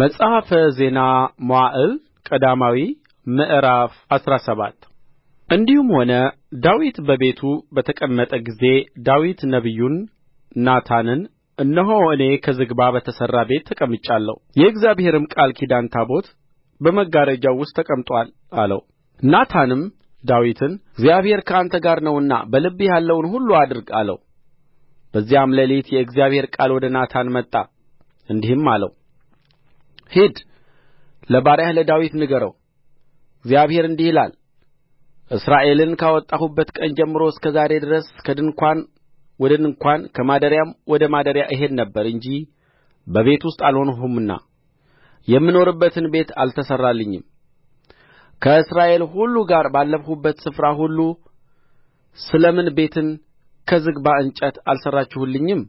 መጽሐፈ ዜና መዋዕል ቀዳማዊ ምዕራፍ አስራ ሰባት እንዲህም ሆነ ዳዊት በቤቱ በተቀመጠ ጊዜ ዳዊት ነቢዩን ናታንን እነሆ እኔ ከዝግባ በተሠራ ቤት ተቀምጫለሁ የእግዚአብሔርም ቃል ኪዳን ታቦት በመጋረጃው ውስጥ ተቀምጦአል አለው ናታንም ዳዊትን እግዚአብሔር ከአንተ ጋር ነውና በልብህ ያለውን ሁሉ አድርግ አለው በዚያም ሌሊት የእግዚአብሔር ቃል ወደ ናታን መጣ እንዲህም አለው ሂድ ለባሪያህ ለዳዊት ንገረው እግዚአብሔር እንዲህ ይላል እስራኤልን ካወጣሁበት ቀን ጀምሮ እስከ ዛሬ ድረስ ከድንኳን ወደ ድንኳን ከማደሪያም ወደ ማደሪያ እሄድ ነበር እንጂ በቤት ውስጥ አልሆንሁምና የምኖርበትን ቤት አልተሠራልኝም ከእስራኤል ሁሉ ጋር ባለፍሁበት ስፍራ ሁሉ ስለ ምን ቤትን ከዝግባ እንጨት አልሠራችሁልኝም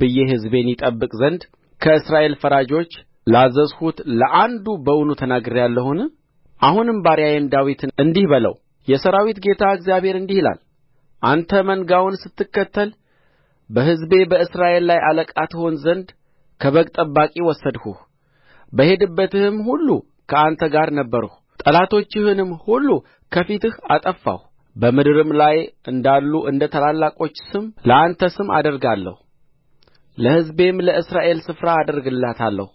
ብዬ ሕዝቤን ይጠብቅ ዘንድ ከእስራኤል ፈራጆች ላዘዝሁት ለአንዱ በውኑ ተናግሬአለሁን አሁንም ባሪያዬን ዳዊትን እንዲህ በለው የሠራዊት ጌታ እግዚአብሔር እንዲህ ይላል አንተ መንጋውን ስትከተል በሕዝቤ በእስራኤል ላይ አለቃ ትሆን ዘንድ ከበግ ጠባቂ ወሰድሁህ በሄድህበትም ሁሉ ከአንተ ጋር ነበርሁ ጠላቶችህንም ሁሉ ከፊትህ አጠፋሁ በምድርም ላይ እንዳሉ እንደ ታላላቆች ስም ለአንተ ስም አደርጋለሁ ለሕዝቤም ለእስራኤል ስፍራ አደርግላታለሁ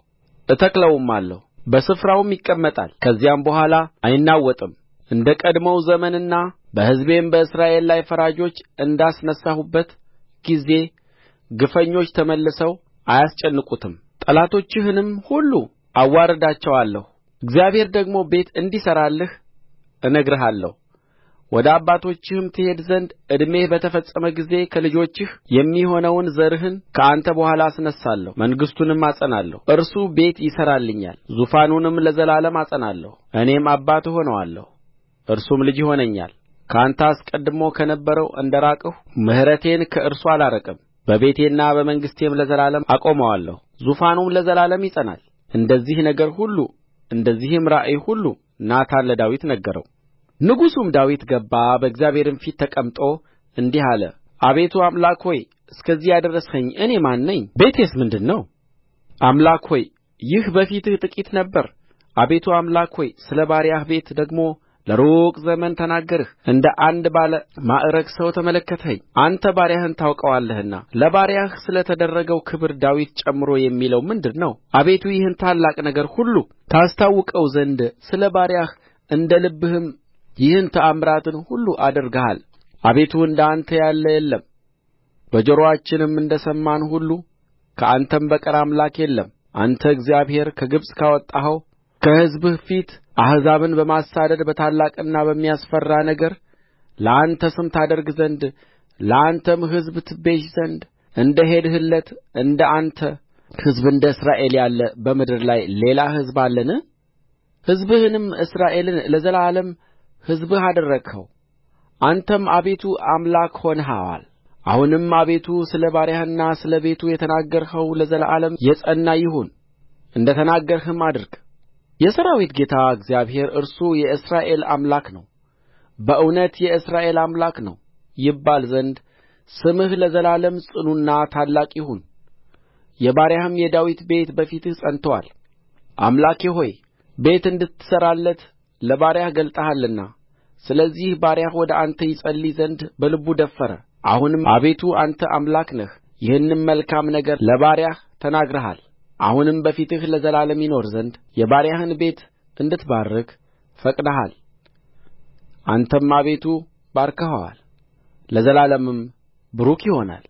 እተክለውማለሁ በስፍራውም ይቀመጣል ከዚያም በኋላ አይናወጥም እንደ ቀድሞው ዘመንና በሕዝቤም በእስራኤል ላይ ፈራጆች እንዳስነሣሁበት ጊዜ ግፈኞች ተመልሰው አያስጨንቁትም ጠላቶችህንም ሁሉ አዋርዳቸዋለሁ እግዚአብሔር ደግሞ ቤት እንዲሠራልህ እነግርሃለሁ ወደ አባቶችህም ትሄድ ዘንድ ዕድሜህ በተፈጸመ ጊዜ ከልጆችህ የሚሆነውን ዘርህን ከአንተ በኋላ አስነሣለሁ መንግሥቱንም አጸናለሁ እርሱ ቤት ይሠራልኛል ዙፋኑንም ለዘላለም አጸናለሁ እኔም አባት እሆነዋለሁ እርሱም ልጅ ይሆነኛል ከአንተ አስቀድሞ ከነበረው እንደ ራቅሁ ምሕረቴን ከእርሱ አላረቅም። በቤቴና በመንግሥቴም ለዘላለም አቆመዋለሁ ዙፋኑም ለዘላለም ይጸናል እንደዚህ ነገር ሁሉ እንደዚህም ራእይ ሁሉ ናታን ለዳዊት ነገረው ንጉሡም ዳዊት ገባ በእግዚአብሔርም ፊት ተቀምጦ እንዲህ አለ አቤቱ አምላክ ሆይ እስከዚህ ያደረስኸኝ እኔ ማን ነኝ ቤቴስ ምንድር ነው አምላክ ሆይ ይህ በፊትህ ጥቂት ነበረ አቤቱ አምላክ ሆይ ስለ ባሪያህ ቤት ደግሞ ለሩቅ ዘመን ተናገርህ እንደ አንድ ባለ ማዕረግ ሰው ተመለከትኸኝ አንተ ባሪያህን ታውቀዋለህና ለባሪያህ ስለ ተደረገው ክብር ዳዊት ጨምሮ የሚለው ምንድር ነው አቤቱ ይህን ታላቅ ነገር ሁሉ ታስታውቀው ዘንድ ስለ ባሪያህ እንደ ልብህም ይህን ተአምራትን ሁሉ አድርገሃል አቤቱ እንደ አንተ ያለ የለም በጆሮአችንም እንደ ሰማን ሁሉ ከአንተም በቀር አምላክ የለም አንተ እግዚአብሔር ከግብጽ ካወጣኸው ከሕዝብህ ፊት አሕዛብን በማሳደድ በታላቅና በሚያስፈራ ነገር ለአንተ ስም ታደርግ ዘንድ ለአንተም ሕዝብ ትቤዥ ዘንድ እንደ ሄድህለት እንደ አንተ ሕዝብ እንደ እስራኤል ያለ በምድር ላይ ሌላ ሕዝብ አለን? ሕዝብህንም እስራኤልን ለዘላለም ሕዝብህ አደረግኸው አንተም አቤቱ አምላክ ሆነኸዋል አሁንም አቤቱ ስለ ባሪያህና ስለ ቤቱ የተናገርኸው ለዘላለም የጸና ይሁን እንደ ተናገርህም አድርግ የሠራዊት ጌታ እግዚአብሔር እርሱ የእስራኤል አምላክ ነው በእውነት የእስራኤል አምላክ ነው ይባል ዘንድ ስምህ ለዘላለም ጽኑና ታላቅ ይሁን የባሪያህም የዳዊት ቤት በፊትህ ጸንቶአል አምላኬ ሆይ ቤት እንድትሠራለት ለባሪያህ ገልጠሃልና ስለዚህ ባሪያህ ወደ አንተ ይጸልይ ዘንድ በልቡ ደፈረ አሁንም አቤቱ አንተ አምላክ ነህ ይህንም መልካም ነገር ለባሪያህ ተናግረሃል አሁንም በፊትህ ለዘላለም ይኖር ዘንድ የባሪያህን ቤት እንድትባርክ ፈቅደሃል አንተም አቤቱ ባርከኸዋል ለዘላለምም ቡሩክ ይሆናል